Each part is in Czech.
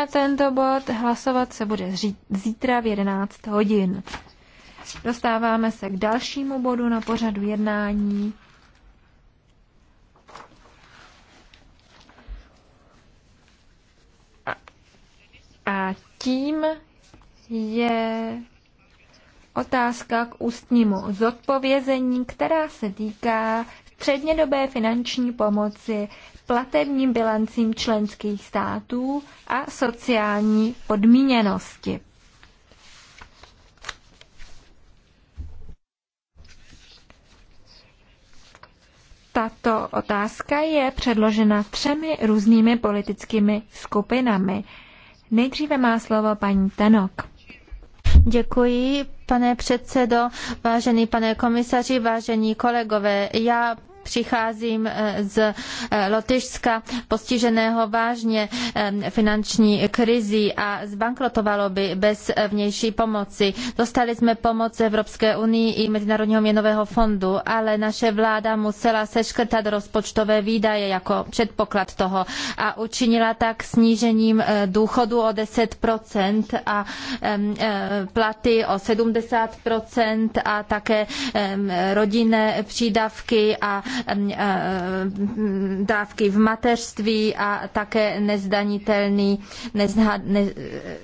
na tento bod. Hlasovat se bude zítra v 11 hodin. Dostáváme se k dalšímu bodu na pořadu jednání. A, a tím je otázka k ústnímu zodpovězení, která se týká střednědobé finanční pomoci platebním bilancím členských států a sociální podmíněnosti. Tato otázka je předložena třemi různými politickými skupinami. Nejdříve má slovo paní Tenok. Děkuji, pane předsedo, vážený pane komisaři, vážení kolegové. Já Přicházím eh, z eh, Lotyšska postiženého vážně eh, finanční krizí a zbankrotovalo by bez vnější pomoci. Dostali jsme pomoc Evropské unii i Mezinárodního měnového fondu, ale naše vláda musela seškrtat rozpočtové výdaje jako předpoklad toho a učinila tak snížením důchodu o 10% a platy o 70% a také rodinné přídavky a Ehm, eh, ehm, dávky v mateřství a také nezdanitelný, nezha, ne,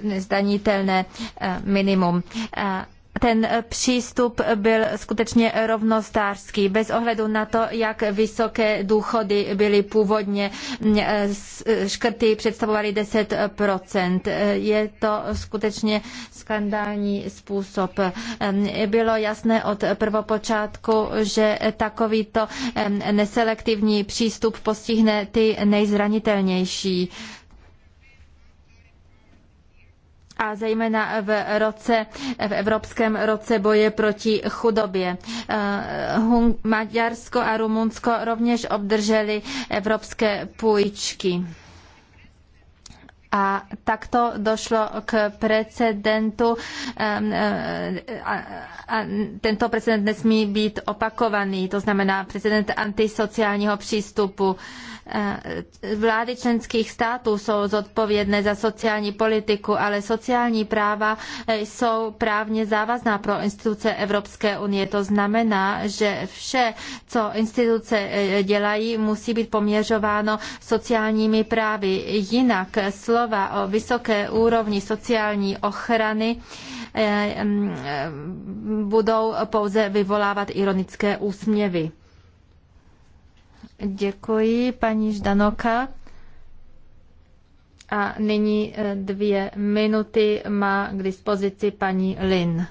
nezdanitelné eh, minimum. Eh, ten eh, přístup byl skutečně rovnostářský, bez ohledu na to, jak vysoké důchody byly původně, mm, eh, eh, škrty představovaly 10%. Je to skutečně skandální způsob. Bylo jasné od prvopočátku, že takovýto neselektivní přístup postihne ty nejzranitelnější a zejména v, roce, v Evropském roce boje proti chudobě. Eh, Maďarsko a Rumunsko rovněž obdrželi evropské půjčky. A takto došlo k precedentu eh, a tento precedent nesmí být opakovaný, to znamená precedent antisociálního přístupu. Eh, vlády členských států jsou zodpovědné za sociální politiku, ale sociální práva eh, jsou právně závazná pro instituce Evropské unie. To znamená, že vše, co instituce dělají, musí být poměřováno sociálními právy. Jinak slovo Slova o vysoké úrovni sociální ochrany eh, eh, budou pouze vyvolávat ironické úsměvy. Děkuji, paní Ždanoka. A nyní eh, dvě minuty má k dispozici paní Lin.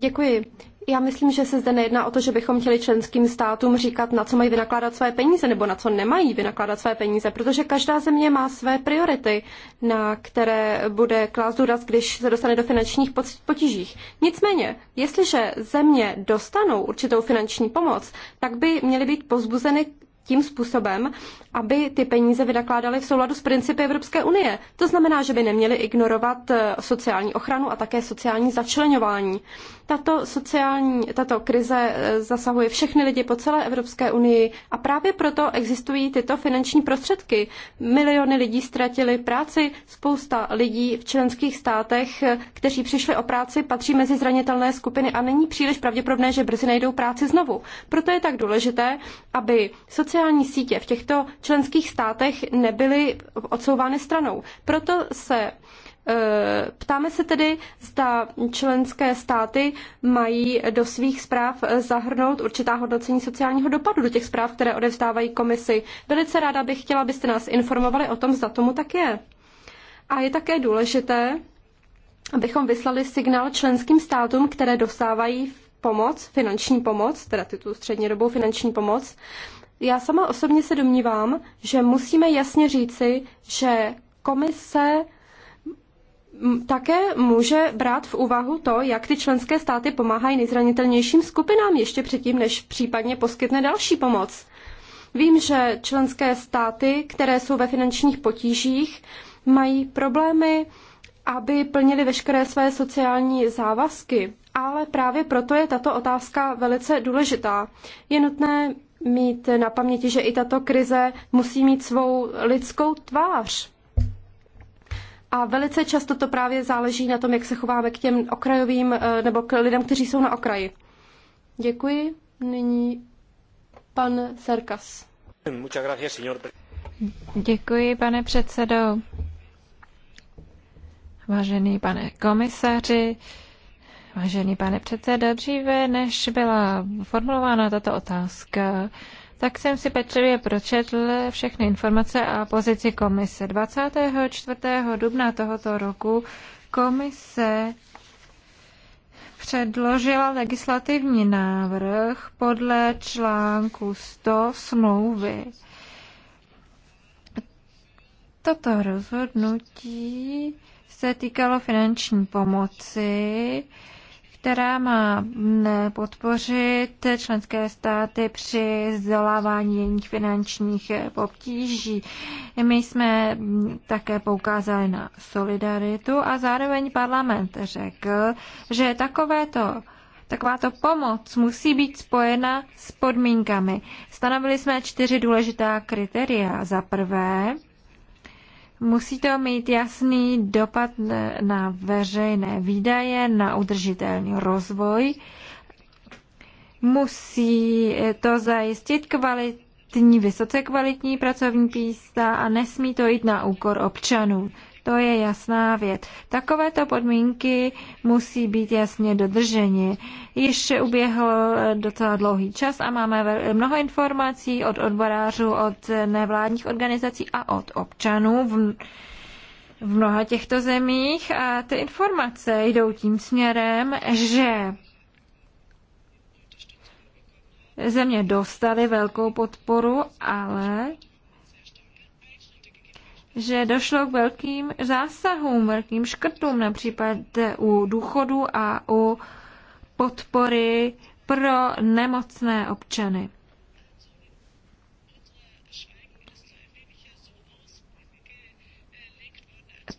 Děkuji. Já myslím, že se zde nejedná o to, že bychom chtěli členským státům říkat, na co mají vynakládat své peníze nebo na co nemají vynakládat své peníze, protože každá země má své priority, na které bude klást důraz, když se dostane do finančních potížích. Nicméně, jestliže země dostanou určitou finanční pomoc, tak by měly být pozbuzeny tím způsobem, aby ty peníze vynakládaly v souladu s principy Evropské unie. To znamená, že by neměly ignorovat eh, sociální ochranu a také sociální začlenování. Tato sociální, tato krize eh, zasahuje všechny lidi po celé Evropské unii a právě proto existují tyto finanční prostředky. Miliony lidí ztratili práci, spousta lidí v členských státech, eh, kteří přišli o práci, patří mezi zranitelné skupiny a není příliš pravděpodobné, že brzy najdou práci znovu. Proto je tak důležité, aby sociální sociální sítě v těchto členských státech nebyly odsouvány stranou. Proto se e, Ptáme se tedy, zda členské státy mají do svých zpráv zahrnout určitá hodnocení sociálního dopadu do těch zpráv, které odevzdávají komisi. Velice ráda bych chtěla, abyste nás informovali o tom, zda tomu tak je. A je také důležité, abychom vyslali signál členským státům, které dostávají pomoc, finanční pomoc, teda tu střednědobou finanční pomoc, já sama osobně se domnívám, že musíme jasně říci, že komise také může brát v úvahu to, jak ty členské státy pomáhají nejzranitelnějším skupinám ještě předtím, než případně poskytne další pomoc. Vím, že členské státy, které jsou ve finančních potížích, mají problémy, aby plnili veškeré své sociální závazky. Ale právě proto je tato otázka velice důležitá. Je nutné mít na paměti, že i tato krize musí mít svou lidskou tvář. A velice často to právě záleží na tom, jak se chováme k těm okrajovým eh, nebo k lidem, kteří jsou na okraji. Děkuji. Nyní pan Serkas. Děkuji, pane předsedo. Vážený pane komisaři, Vážený pane předsedo, dříve než byla formulována tato otázka, tak jsem si pečlivě pročetl všechny informace a pozici komise. 24. dubna tohoto roku komise předložila legislativní návrh podle článku 100 smlouvy. Toto rozhodnutí se týkalo finanční pomoci, která má podpořit členské státy při zdolávání jejich finančních obtíží. My jsme také poukázali na solidaritu a zároveň parlament řekl, že takovéto Takováto pomoc musí být spojena s podmínkami. Stanovili jsme čtyři důležitá kritéria. Za prvé, Musí to mít jasný dopad na veřejné výdaje, na udržitelný rozvoj. Musí to zajistit kvalitní, vysoce kvalitní pracovní písta a nesmí to jít na úkor občanů. To je jasná věc. Takovéto podmínky musí být jasně dodrženy. Již uběhl docela dlouhý čas a máme mnoho informací od odborářů, od nevládních organizací a od občanů v, v mnoha těchto zemích. A ty informace jdou tím směrem, že země dostaly velkou podporu, ale že došlo k velkým zásahům, velkým škrtům, například u důchodu a u podpory pro nemocné občany.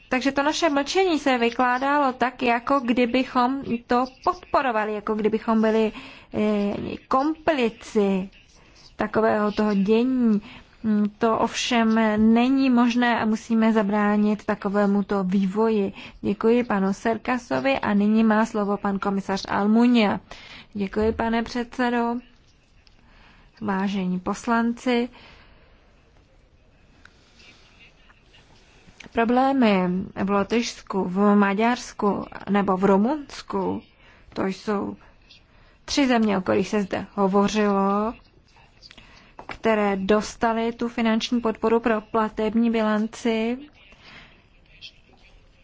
Takže to naše mlčení se vykládalo tak, jako kdybychom to podporovali, jako kdybychom byli eh, komplici takového toho dění. To ovšem není možné a musíme zabránit takovémuto vývoji. Děkuji panu Serkasovi a nyní má slovo pan komisař Almunia. Děkuji, pane předsedo. Vážení poslanci, problémy v Lotyšsku, v Maďarsku nebo v Rumunsku, to jsou tři země, o kterých se zde hovořilo, které dostaly tu finanční podporu pro platební bilanci,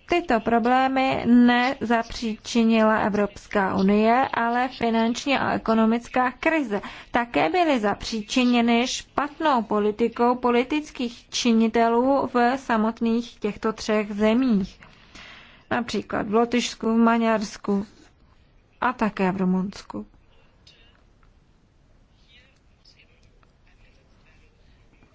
tyto problémy nezapříčinila Evropská unie, ale finanční a ekonomická krize. Také byly zapříčiněny špatnou politikou politických činitelů v samotných těchto třech zemích. Například v Lotyšsku, v Maďarsku a také v Rumunsku.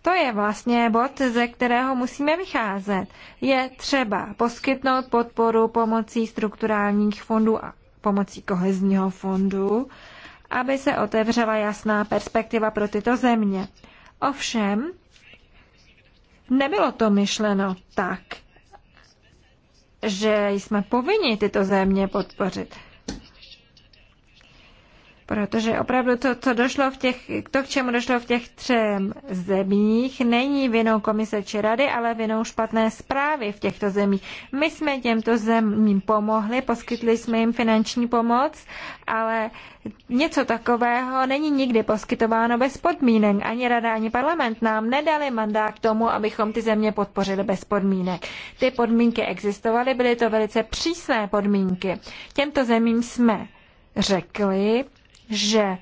To je vlastně bod, ze kterého musíme vycházet. Je třeba poskytnout podporu pomocí strukturálních fondů a pomocí kohezního fondu, aby se otevřela jasná perspektiva pro tyto země. Ovšem, nebylo to myšleno tak, že jsme povinni tyto země podpořit. Protože opravdu to, co došlo v těch, to, k čemu došlo v těch třem zemích, není vinou komise či rady, ale vinou špatné zprávy v těchto zemích. My jsme těmto zemím pomohli, poskytli jsme jim finanční pomoc, ale něco takového není nikdy poskytováno bez podmínek. Ani rada, ani parlament nám nedali mandát k tomu, abychom ty země podpořili bez podmínek. Ty podmínky existovaly, byly to velice přísné podmínky. Těmto zemím jsme řekli, že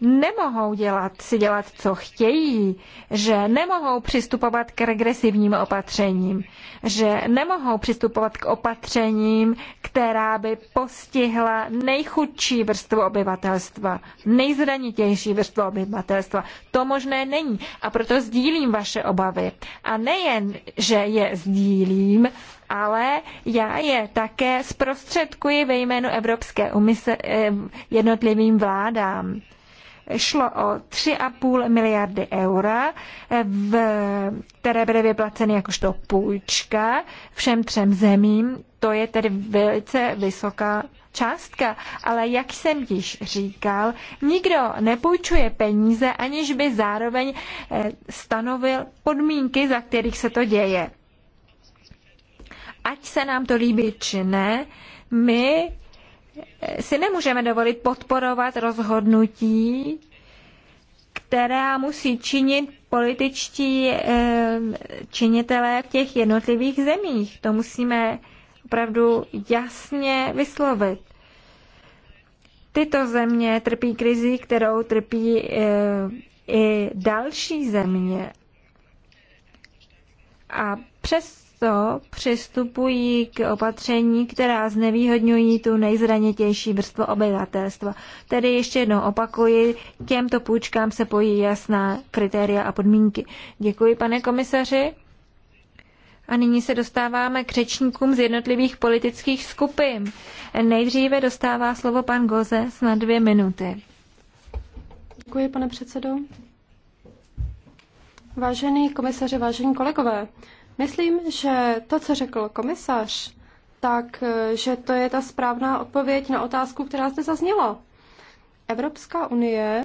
nemohou dělat, si dělat, co chtějí, že nemohou přistupovat k regresivním opatřením, že nemohou přistupovat k opatřením, která by postihla nejchudší vrstvu obyvatelstva, nejzranitější vrstvu obyvatelstva. To možné není a proto sdílím vaše obavy. A nejen, že je sdílím, ale já je také zprostředkuji ve jménu Evropské umise eh, jednotlivým vládám. Šlo o 3,5 miliardy eura, eh, v, které byly vyplaceny jakožto půjčka všem třem zemím. To je tedy velice vysoká částka, ale jak jsem již říkal, nikdo nepůjčuje peníze, aniž by zároveň eh, stanovil podmínky, za kterých se to děje ať se nám to líbí či ne, my si nemůžeme dovolit podporovat rozhodnutí, která musí činit političtí činitelé v těch jednotlivých zemích. To musíme opravdu jasně vyslovit. Tyto země trpí krizi, kterou trpí i další země. A přes přesto přistupují k opatření, která znevýhodňují tu nejzranitější vrstvu obyvatelstva. Tedy ještě jednou opakuji, těmto půjčkám se pojí jasná kritéria a podmínky. Děkuji, pane komisaři. A nyní se dostáváme k řečníkům z jednotlivých politických skupin. Nejdříve dostává slovo pan Goze na dvě minuty. Děkuji, pane předsedo. Vážený komisaři, vážení kolegové, Myslím, že to, co řekl komisař, tak, eh, že to je ta správná odpověď na otázku, která zde zazněla. Evropská unie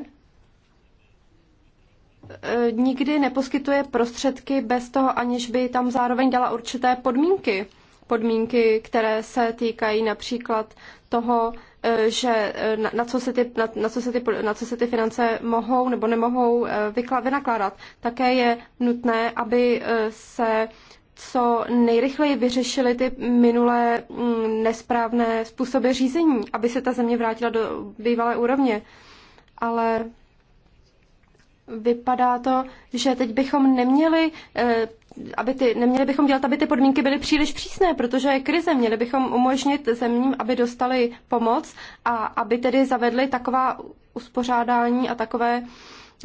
eh, nikdy neposkytuje prostředky bez toho, aniž by tam zároveň dala určité podmínky. Podmínky, které se týkají například toho, eh, že eh, na, na, co se ty, na, na, co se ty, na co se ty finance mohou nebo nemohou eh, vykla, vynakládat. Také je nutné, aby se co nejrychleji vyřešili ty minulé mm, nesprávné způsoby řízení, aby se ta země vrátila do bývalé úrovně. Ale vypadá to, že teď bychom neměli aby ty, neměli bychom dělat, aby ty podmínky byly příliš přísné, protože je krize. Měli bychom umožnit zemím, aby dostali pomoc a aby tedy zavedli taková uspořádání a takové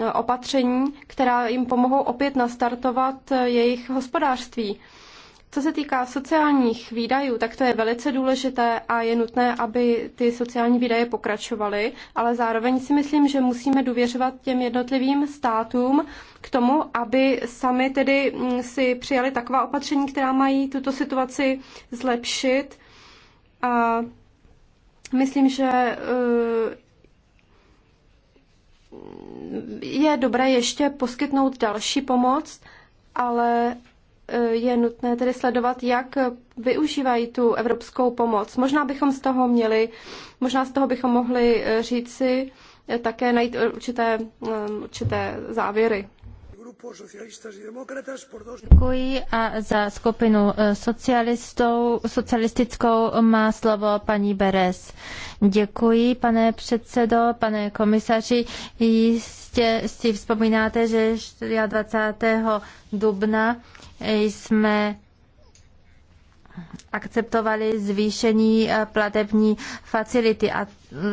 e, opatření, která jim pomohou opět nastartovat e, jejich hospodářství. Co se týká sociálních výdajů, tak to je velice důležité a je nutné, aby ty sociální výdaje pokračovaly, ale zároveň si myslím, že musíme důvěřovat těm jednotlivým státům k tomu, aby sami tedy mm, si přijali taková opatření, která mají tuto situaci zlepšit. A myslím, že eh, je dobré ještě poskytnout další pomoc, ale Eh, je nutné tedy sledovat, jak využívají tu evropskou pomoc. Možná bychom z toho měli, možná z toho bychom mohli eh, říci eh, také najít určité, určité závěry. Děkuji a za skupinu socialistou, socialistickou má slovo paní Beres. Děkuji, pane předsedo, pane komisaři. Jistě si vzpomínáte, že 24. dubna jsme akceptovali zvýšení eh, platební facility a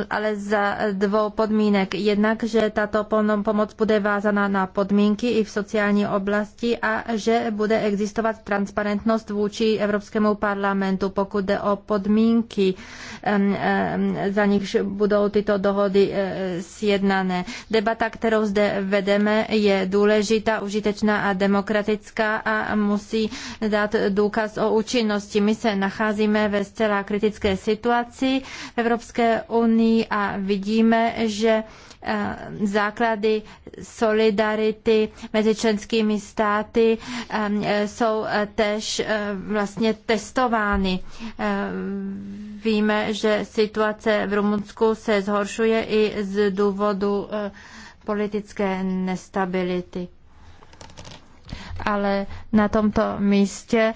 ale za dvou podmínek. Jednak, že tato pomoc bude vázaná na podmínky i v sociální oblasti a že bude existovat transparentnost vůči Evropskému parlamentu, pokud jde o podmínky, za nichž budou tyto dohody e, sjednané. Debata, kterou zde vedeme, je důležitá, užitečná a demokratická a musí dát důkaz o účinnosti. My se nacházíme ve zcela kritické situaci v Evropské unii unii a vidíme, že eh, základy solidarity mezi členskými státy eh, jsou eh, tež vlastně testovány. Víme, že situace v Rumunsku se zhoršuje i z důvodu politické nestability ale na tomto místě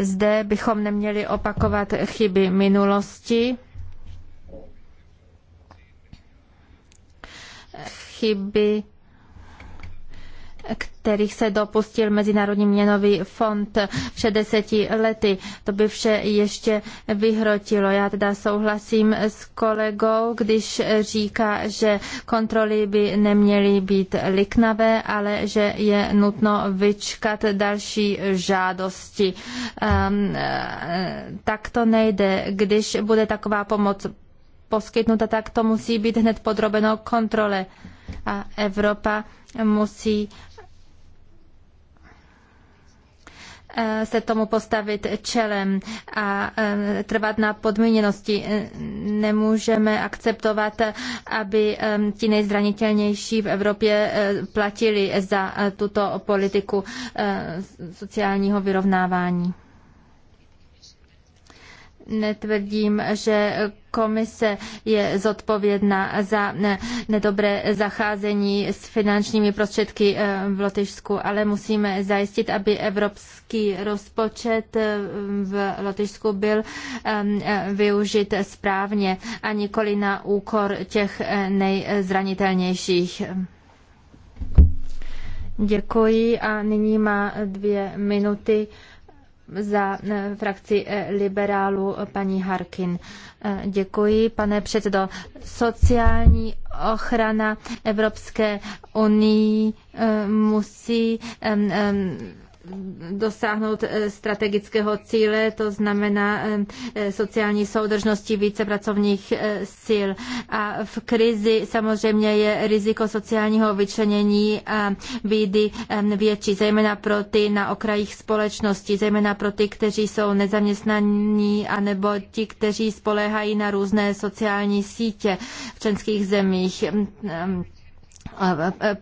zde bychom neměli opakovat chyby minulosti chyby, kterých se dopustil Mezinárodní měnový fond před deseti lety. To by vše ještě vyhrotilo. Já teda souhlasím s kolegou, když říká, že kontroly by neměly být liknavé, ale že je nutno vyčkat další žádosti. Um, tak to nejde. Když bude taková pomoc poskytnuta, tak to musí být hned podrobeno kontrole a Evropa musí eh, se tomu postavit čelem a eh, trvat na podmíněnosti. Eh, nemůžeme akceptovat, aby ti nejzranitelnější v Evropě platili za tuto politiku sociálního vyrovnávání netvrdím, že komise je zodpovědná za nedobré zacházení s finančními prostředky eh, v Lotyšsku, ale musíme zajistit, aby evropský rozpočet eh, v Lotyšsku byl ehm, eh, využit správně a nikoli na úkor těch nejzranitelnějších. Děkuji a nyní má dvě minuty za eh, frakci eh, liberálu eh, paní Harkin. Děkuji, pane předsedo. Sociální ochrana Evropské unii musí dosáhnout eh, strategického cíle, to znamená eh, eh, sociální soudržnosti více pracovních sil. A v krizi samozřejmě je riziko sociálního vyčlenění a bídy větší, zejména pro ty na okrajích společnosti, zejména pro ty, kteří jsou nezaměstnaní, anebo ti, kteří spoléhají na různé sociální sítě v členských zemích.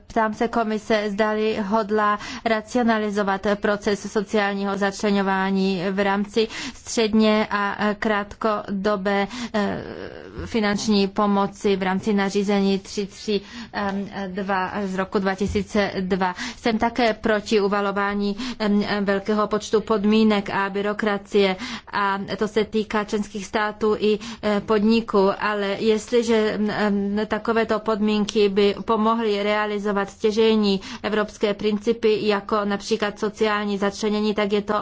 Ptám se komise, zdali hodla racionalizovat proces sociálního začlenování v rámci středně a krátkodobé e, finanční pomoci v rámci nařízení 332 e, z roku 2002. Jsem také proti uvalování e, velkého počtu podmínek a byrokracie a to se týká členských států i podniků, ale jestliže takovéto podmínky by pomohly mohli realizovat stěžejní evropské principy, jako například sociální začlenění, tak je to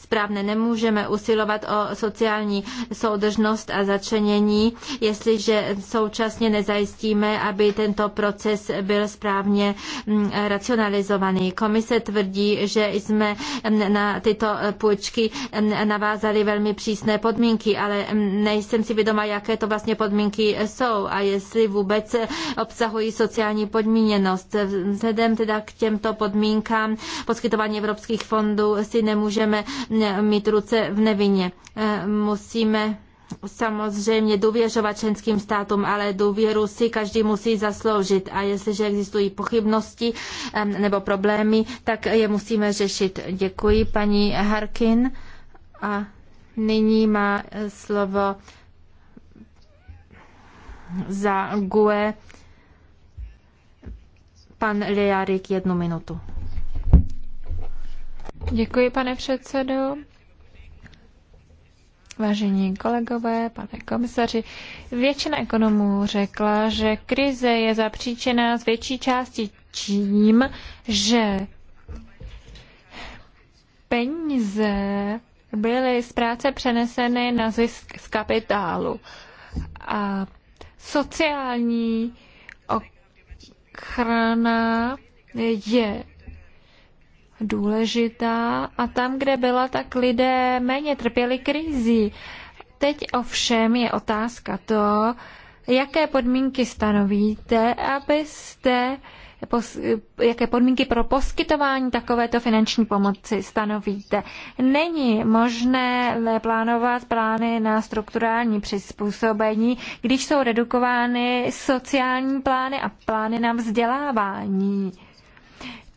správné. Nemůžeme usilovat o sociální soudržnost a začlenění, jestliže současně nezajistíme, aby tento proces byl správně mm, racionalizovaný. Komise tvrdí, že jsme mm, na tyto e, půjčky mm, navázali velmi přísné podmínky, ale nejsem si vědoma, jaké to vlastně podmínky e, jsou a jestli vůbec e, obsahují sociální sociální podmíněnost. Vzhledem teda k těmto podmínkám poskytování evropských fondů si nemůžeme mít ruce v nevině. Musíme samozřejmě důvěřovat členským státům, ale důvěru si každý musí zasloužit a jestliže existují pochybnosti nebo problémy, tak je musíme řešit. Děkuji paní Harkin a nyní má slovo za GUE Pan Lejarik, jednu minutu. Děkuji, pane předsedo. Vážení kolegové, pane komisaři, většina ekonomů řekla, že krize je zapříčená z větší části tím, že peníze byly z práce přeneseny na zisk z kapitálu. A sociální ochrana je důležitá a tam, kde byla, tak lidé méně trpěli krizi. Teď ovšem je otázka to, jaké podmínky stanovíte, abyste jaké podmínky pro poskytování takovéto finanční pomoci stanovíte. Není možné plánovat plány na strukturální přizpůsobení, když jsou redukovány sociální plány a plány na vzdělávání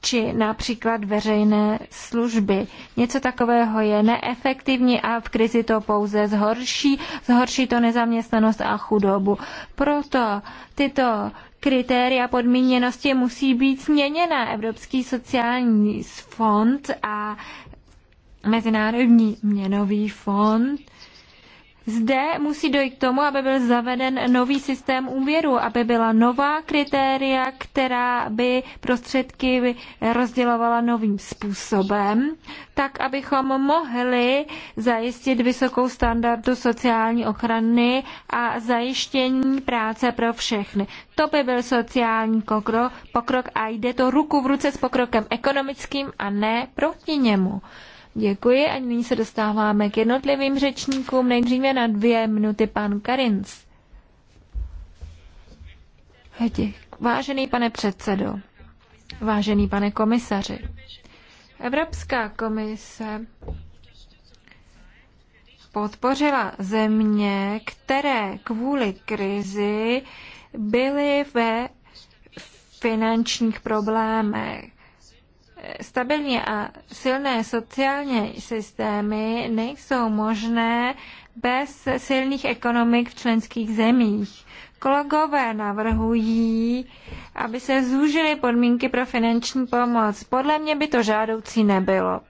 či například veřejné služby. Něco takového je neefektivní a v krizi to pouze zhorší, zhorší to nezaměstnanost a chudobu. Proto tyto kritéria podmíněnosti musí být změněna. Evropský sociální fond a Mezinárodní měnový fond zde musí dojít k tomu, aby byl zaveden nový systém úvěru, aby byla nová kritéria, která by prostředky rozdělovala novým způsobem, tak abychom mohli zajistit vysokou standardu sociální ochrany a zajištění práce pro všechny. To by byl sociální pokrok a jde to ruku v ruce s pokrokem ekonomickým a ne proti němu. Děkuji a nyní se dostáváme k jednotlivým řečníkům. Nejdříve na dvě minuty pan Karinc. Vážený pane předsedo, vážený pane komisaři, Evropská komise podpořila země, které kvůli krizi byly ve finančních problémech stabilní a silné sociální systémy nejsou možné bez silných ekonomik v členských zemích. Kologové navrhují, aby se zúžily podmínky pro finanční pomoc. Podle mě by to žádoucí nebylo.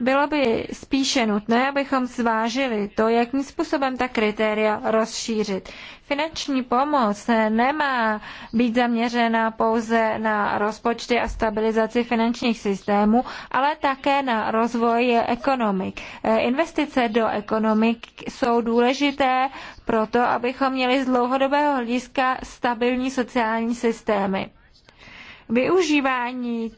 Bylo by spíše nutné, abychom zvážili to, jakým způsobem ta kritéria rozšířit. Finanční pomoc nemá být zaměřena pouze na rozpočty a stabilizaci finančních systémů, ale také na rozvoj ekonomik. Investice do ekonomik jsou důležité proto, abychom měli z dlouhodobého hlediska stabilní sociální systémy. Využívání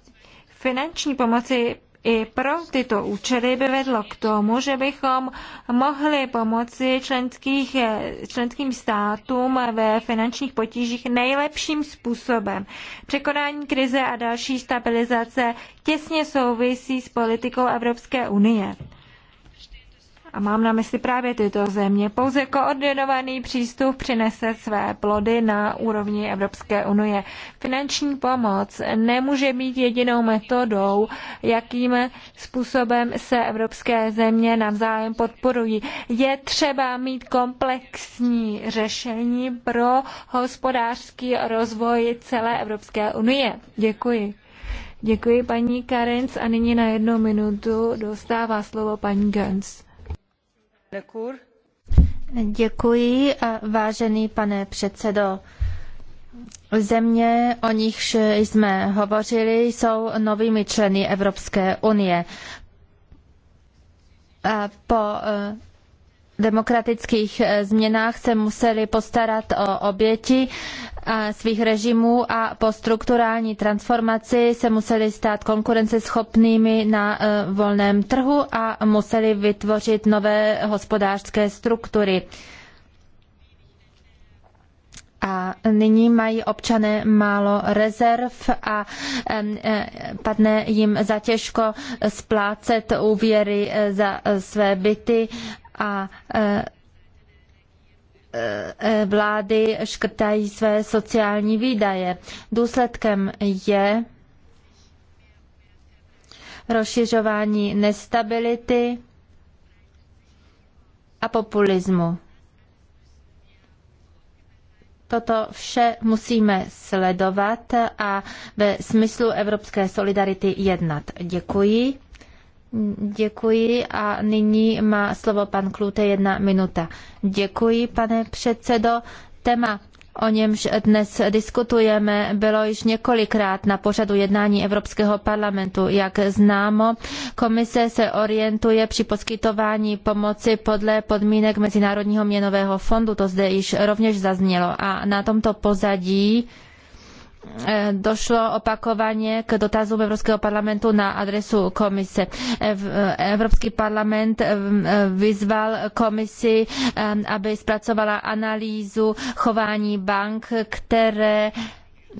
finanční pomoci i pro tyto účely by vedlo k tomu, že bychom mohli pomoci členských, členským státům ve finančních potížích nejlepším způsobem. Překonání krize a další stabilizace těsně souvisí s politikou Evropské unie a mám na mysli právě tyto země, pouze koordinovaný přístup přinese své plody na úrovni Evropské unie. Finanční pomoc nemůže být jedinou metodou, jakým způsobem se evropské země navzájem podporují. Je třeba mít komplexní řešení pro hospodářský rozvoj celé Evropské unie. Děkuji. Děkuji paní Karenc a nyní na jednu minutu dostává slovo paní Gens. Děkuji, vážený pane předsedo. Země, o nichž jsme hovořili, jsou novými členy Evropské unie. Po eh, demokratických eh, změnách se museli postarat o oběti eh, svých režimů a po strukturální transformaci se museli stát konkurenceschopnými na eh, volném trhu a museli vytvořit nové hospodářské struktury. A nyní mají občané málo rezerv a padne jim zatěžko splácet úvěry za své byty a e, e, vlády škrtají své sociální výdaje. Důsledkem je rozšiřování nestability a populismu. Toto vše musíme sledovat a ve smyslu evropské solidarity jednat. Děkuji. Děkuji a nyní má slovo pan Klute jedna minuta. Děkuji, pane předsedo. Téma o němž dnes diskutujeme, bylo již několikrát na pořadu jednání Evropského parlamentu. Jak známo, komise se orientuje při poskytování pomoci podle podmínek Mezinárodního měnového fondu, to zde již rovněž zaznělo. A na tomto pozadí Eh, došlo opakovaně k dotazům Evropského parlamentu na adresu komise. Eh, eh, Evropský parlament vyzval komisi, aby zpracovala analýzu chování bank, které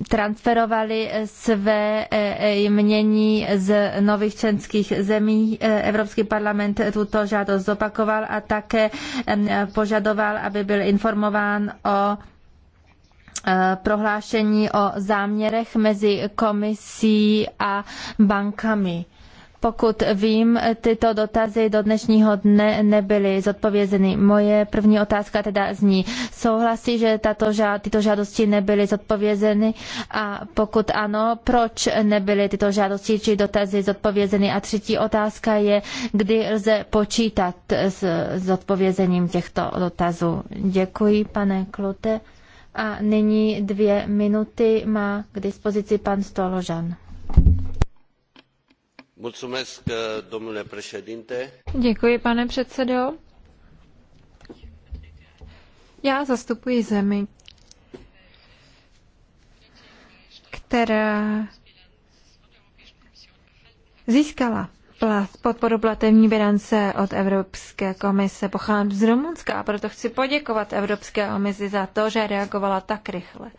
transferovali své jmění z nových členských zemí. Evropský parlament tuto žádost zopakoval a také požadoval, aby byl informován o Eh, prohlášení o záměrech mezi komisí a bankami. Pokud vím, tyto dotazy do dnešního dne nebyly zodpovězeny. Moje první otázka teda zní, souhlasí, že tato žád, tyto žádosti nebyly zodpovězeny a pokud ano, proč nebyly tyto žádosti či dotazy zodpovězeny? A třetí otázka je, kdy lze počítat s zodpovězením těchto dotazů. Děkuji, pane Klute. A nyní dvě minuty má k dispozici pan Stoložan. Děkuji, pane předsedo. Já zastupuji zemi, která získala podporu platební bilance od Evropské komise. Pochám z Rumunska a proto chci poděkovat Evropské komisi za to, že reagovala tak rychle.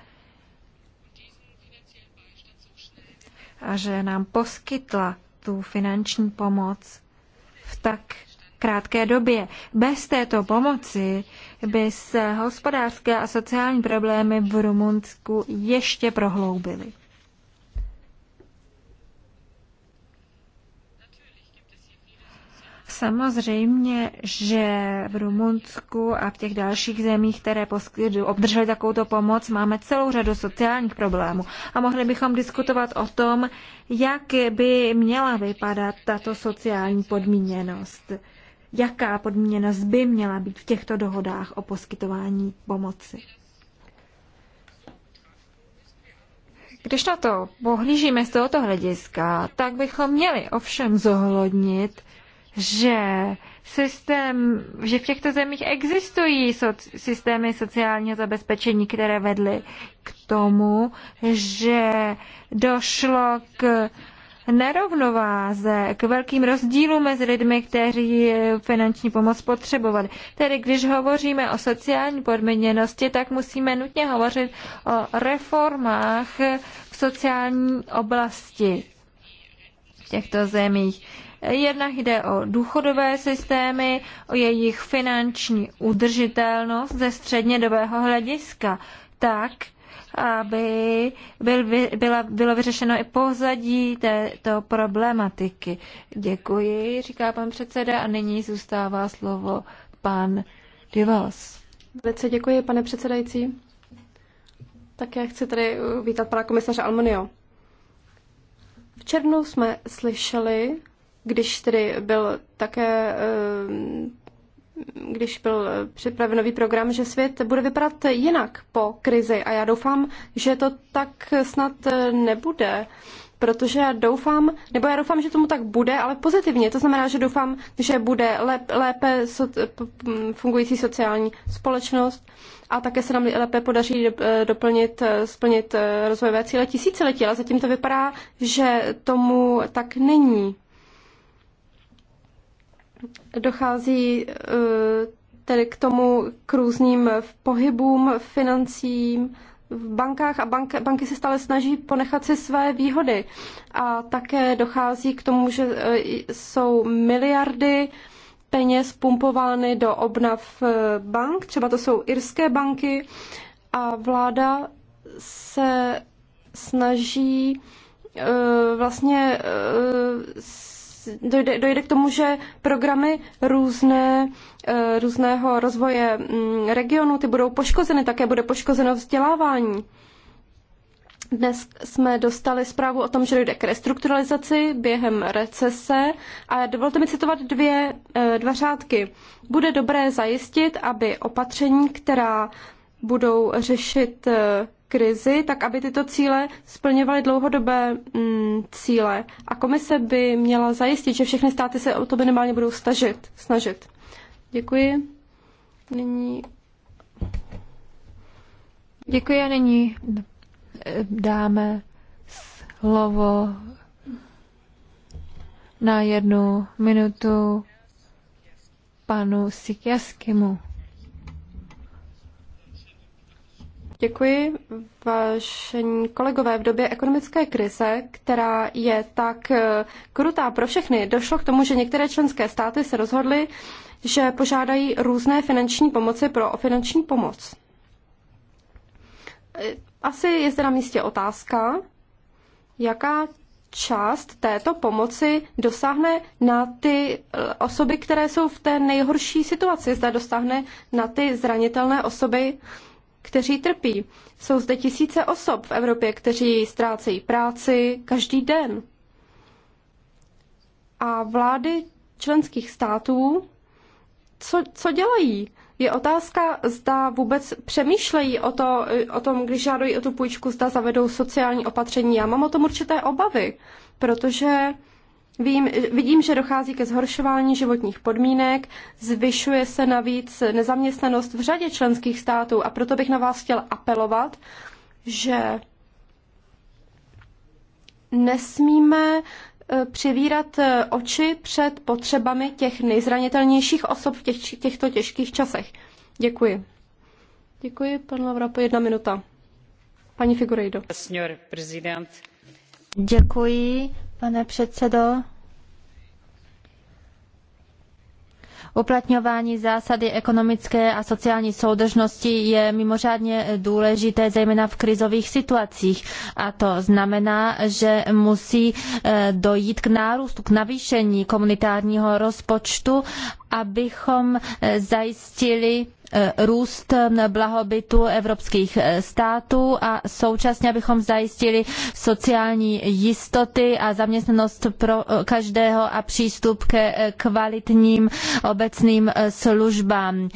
A že nám poskytla tu finanční pomoc v tak krátké době. Bez této pomoci by se hospodářské a sociální problémy v Rumunsku ještě prohloubily. Samozřejmě, že v Rumunsku a v těch dalších zemích, které obdržely takovouto pomoc, máme celou řadu sociálních problémů. A mohli bychom diskutovat o tom, jak by měla vypadat tato sociální podmíněnost. Jaká podmíněnost by měla být v těchto dohodách o poskytování pomoci? Když na to pohlížíme z tohoto hlediska, tak bychom měli ovšem zohlednit, že systém, že v těchto zemích existují soc, systémy sociálního zabezpečení, které vedly k tomu, že došlo k nerovnováze, k velkým rozdílům mezi lidmi, kteří finanční pomoc potřebovali. Tedy když hovoříme o sociální podmíněnosti, tak musíme nutně hovořit o reformách v sociální oblasti v těchto zemích. Jednak jde o důchodové systémy, o jejich finanční udržitelnost ze střednědobého hlediska, tak, aby byl, byla, bylo vyřešeno i pozadí této problematiky. Děkuji, říká pan předseda a nyní zůstává slovo pan Divas. Velice děkuji, pane předsedající. Tak já chci tady vítat pana komisaře Almonio. V červnu jsme slyšeli když tedy byl také eh, když byl připraven nový program, že svět bude vypadat jinak po krizi. A já doufám, že to tak snad eh, nebude, protože já doufám, nebo já doufám, že tomu tak bude, ale pozitivně. To znamená, že doufám, že bude lép, lépe so, eh, fungující sociální společnost a také se nám lépe podaří doplnit, splnit rozvojové cíle tisíciletí, ale zatím to vypadá, že tomu tak není. Dochází eh, tedy k tomu, k různým pohybům financím v bankách a bank, banky se stále snaží ponechat si své výhody. A také dochází k tomu, že eh, jsou miliardy peněz pumpovány do obnav eh, bank, třeba to jsou irské banky, a vláda se snaží vlastně dojde, dojde k tomu, že programy různé, eh, různého rozvoje mm, regionu, ty budou poškozeny, také bude poškozeno vzdělávání. Dnes jsme dostali zprávu o tom, že dojde k restrukturalizaci během recese a dovolte mi citovat dvě, eh, dva řádky. Bude dobré zajistit, aby opatření, která budou řešit eh, krizi, tak aby tyto cíle splňovaly dlouhodobé mm, cíle. A komise by měla zajistit, že všechny státy se o to minimálně budou snažit. snažit. Děkuji. Nyní... Děkuji a nyní eh, dáme slovo na jednu minutu panu Sikjaskému. Děkuji. Vážení kolegové, v době ekonomické krize, která je tak eh, krutá pro všechny, došlo k tomu, že některé členské státy se rozhodly, že požádají různé finanční pomoci pro finanční pomoc. Eh, asi je zde na místě otázka, jaká část této pomoci dosáhne na ty eh, osoby, které jsou v té nejhorší situaci. Zda dosáhne na ty zranitelné osoby, kteří trpí. Jsou zde tisíce osob v Evropě, kteří ztrácejí práci každý den. A vlády členských států, co, co dělají? Je otázka, zda vůbec přemýšlejí o, to, o tom, když žádají o tu půjčku, zda zavedou sociální opatření. Já mám o tom určité obavy, protože Vím, vidím, že dochází ke zhoršování životních podmínek, zvyšuje se navíc nezaměstnanost v řadě členských států a proto bych na vás chtěl apelovat, že nesmíme e, přivírat e, oči před potřebami těch nejzranitelnějších osob v těch, těchto těžkých časech. Děkuji. Děkuji, pan po jedna minuta. Paní Figurejdo. Děkuji, pane předsedo. Uplatňování zásady ekonomické a sociální soudržnosti je mimořádně důležité, zejména v krizových situacích. A to znamená, že musí eh, dojít k nárůstu, k navýšení komunitárního rozpočtu, abychom eh, zajistili Eh, růst eh, blahobytu evropských eh, států a současně, abychom zajistili sociální jistoty a zaměstnanost pro každého a přístup ke kvalitním obecným službám.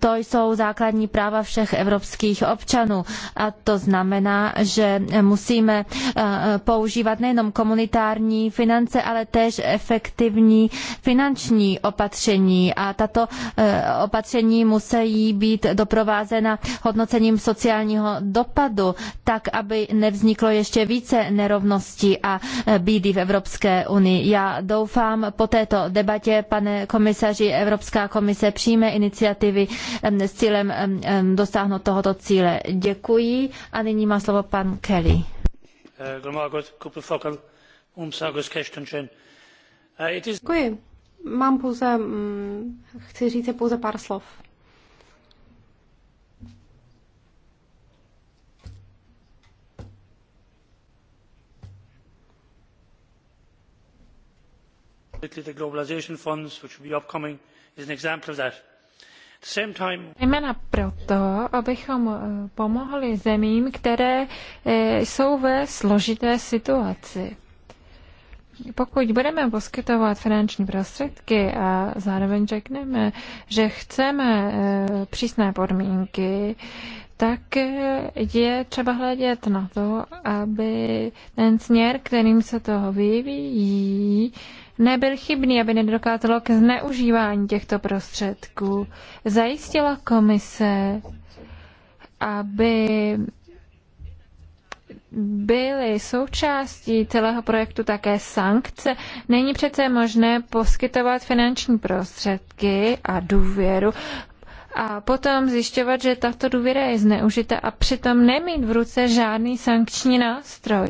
To jsou základní práva všech evropských občanů a to znamená, že musíme eh, používat nejenom komunitární finance, ale též efektivní finanční opatření a tato eh, opatření musí být doprovázena hodnocením sociálního dopadu, tak aby nevzniklo ještě více nerovností a eh, bídy v Evropské unii. Já doufám po této debatě, pane komisaři, Evropská komise přijme iniciativy tedy s cílem dosáhnout tohoto cíle. Děkuji a nyní má slovo pan Kelly. Děkuji. Mám pouze, mm, chci říct pouze pár slov. the globalisation funds which will be upcoming is an example of that. Jména proto, abychom eh, pomohli zemím, které eh, jsou ve složité situaci. Pokud budeme poskytovat finanční prostředky a zároveň řekneme, že chceme eh, přísné podmínky, tak je třeba hledět na to, aby ten směr, kterým se toho vyvíjí, nebyl chybný, aby nedokázalo k zneužívání těchto prostředků. Zajistila komise, aby byly součástí celého projektu také sankce, není přece možné poskytovat finanční prostředky a důvěru a potom zjišťovat, že tato důvěra je zneužita a přitom nemít v ruce žádný sankční nástroj.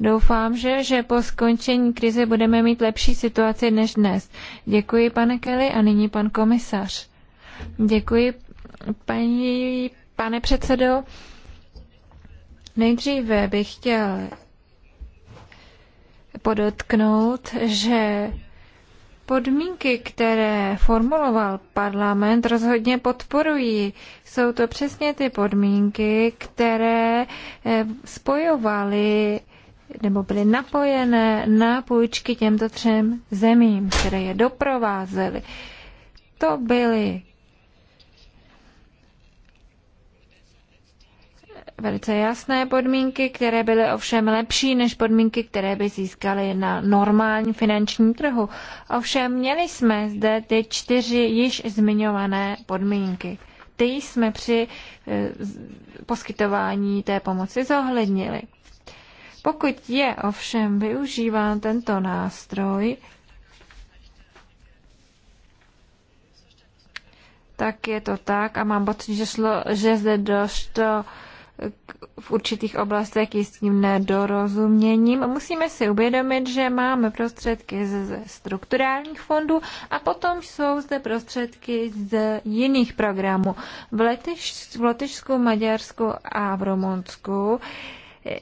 Doufám, že, že po skončení krize budeme mít lepší situaci než dnes. Děkuji, pane Kelly, a nyní pan komisař. Děkuji, paní, pane předsedo. Nejdříve bych chtěl podotknout, že Podmínky, které formuloval parlament, rozhodně podporují. Jsou to přesně ty podmínky, které eh, spojovaly nebo byly napojené na půjčky těmto třem zemím, které je doprovázely. To byly velice jasné podmínky, které byly ovšem lepší než podmínky, které by získaly na normální finanční trhu. Ovšem měli jsme zde ty čtyři již zmiňované podmínky. Ty jsme při eh, poskytování té pomoci zohlednili. Pokud je ovšem využíván tento nástroj, tak je to tak a mám pocit, že, šlo, že zde došlo v určitých oblastech jistým nedorozuměním. Musíme si uvědomit, že máme prostředky ze strukturálních fondů a potom jsou zde prostředky z jiných programů. V, Letiš, v Lotyšsku, Maďarsku a v Rumunsku eh,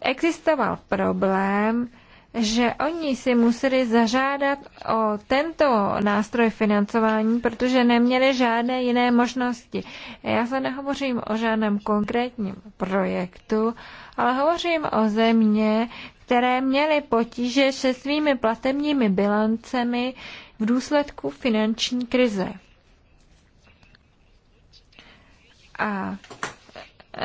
existoval problém, že oni si museli zažádat o tento nástroj financování, protože neměli žádné jiné možnosti. Já se nehovořím o žádném konkrétním projektu, ale hovořím o země, které měly potíže se svými platebními bilancemi v důsledku finanční krize. A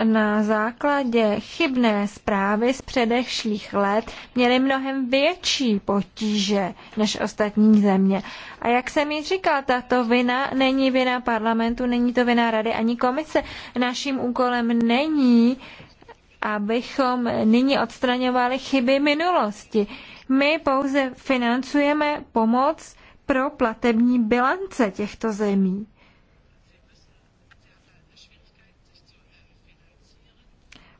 na základě chybné zprávy z předešlých let měli mnohem větší potíže než ostatní země. A jak jsem již říkal, tato vina není vina parlamentu, není to vina rady ani komise. Naším úkolem není, abychom nyní odstraňovali chyby minulosti. My pouze financujeme pomoc pro platební bilance těchto zemí.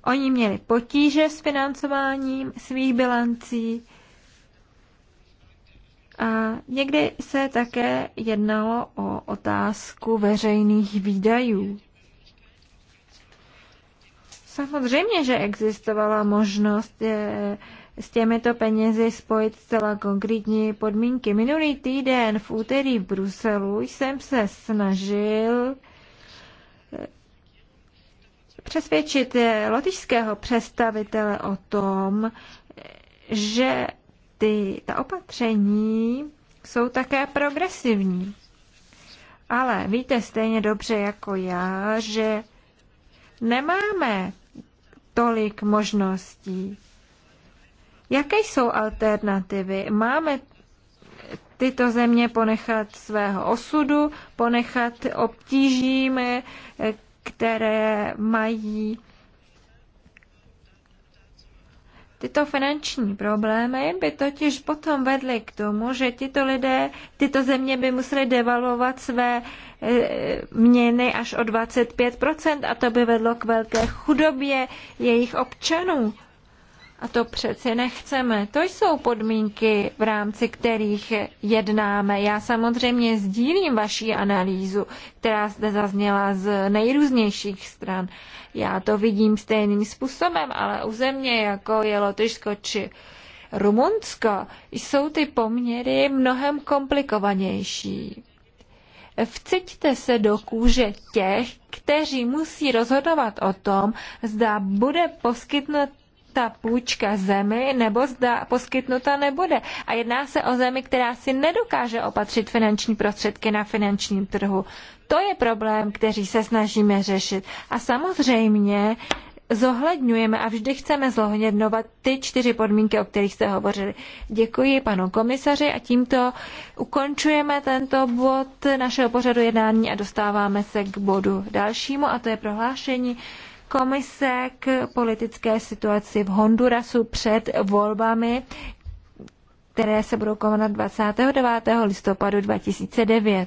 Oni měli potíže s financováním svých bilancí a někdy se také jednalo o otázku veřejných výdajů. Samozřejmě, že existovala možnost je, eh, s těmito penězi spojit zcela konkrétní podmínky. Minulý týden v úterý v Bruselu jsem se snažil přesvědčit eh, lotyšského představitele o tom, že ty, ta opatření jsou také progresivní. Ale víte stejně dobře jako já, že nemáme tolik možností. Jaké jsou alternativy? Máme tyto země ponechat svého osudu, ponechat obtížím, eh, které mají Tyto finanční problémy by totiž potom vedly k tomu, že tyto lidé, tyto země by musely devalvovat své e, měny až o 25% a to by vedlo k velké chudobě jejich občanů. A to přece nechceme. To jsou podmínky, v rámci kterých jednáme. Já samozřejmě sdílím vaši analýzu, která zde zazněla z nejrůznějších stran. Já to vidím stejným způsobem, ale u země, jako je Lotyšsko či Rumunsko, jsou ty poměry mnohem komplikovanější. Vciťte se do kůže těch, kteří musí rozhodovat o tom, zda bude poskytnut ta půjčka zemi, nebo zda poskytnuta nebude. A jedná se o zemi, která si nedokáže opatřit finanční prostředky na finančním trhu. To je problém, který se snažíme řešit. A samozřejmě zohledňujeme a vždy chceme zohledňovat ty čtyři podmínky, o kterých jste hovořili. Děkuji panu komisaři a tímto ukončujeme tento bod našeho pořadu jednání a dostáváme se k bodu dalšímu a to je prohlášení komise k politické situaci v Hondurasu před volbami, které se budou konat 29. listopadu 2009.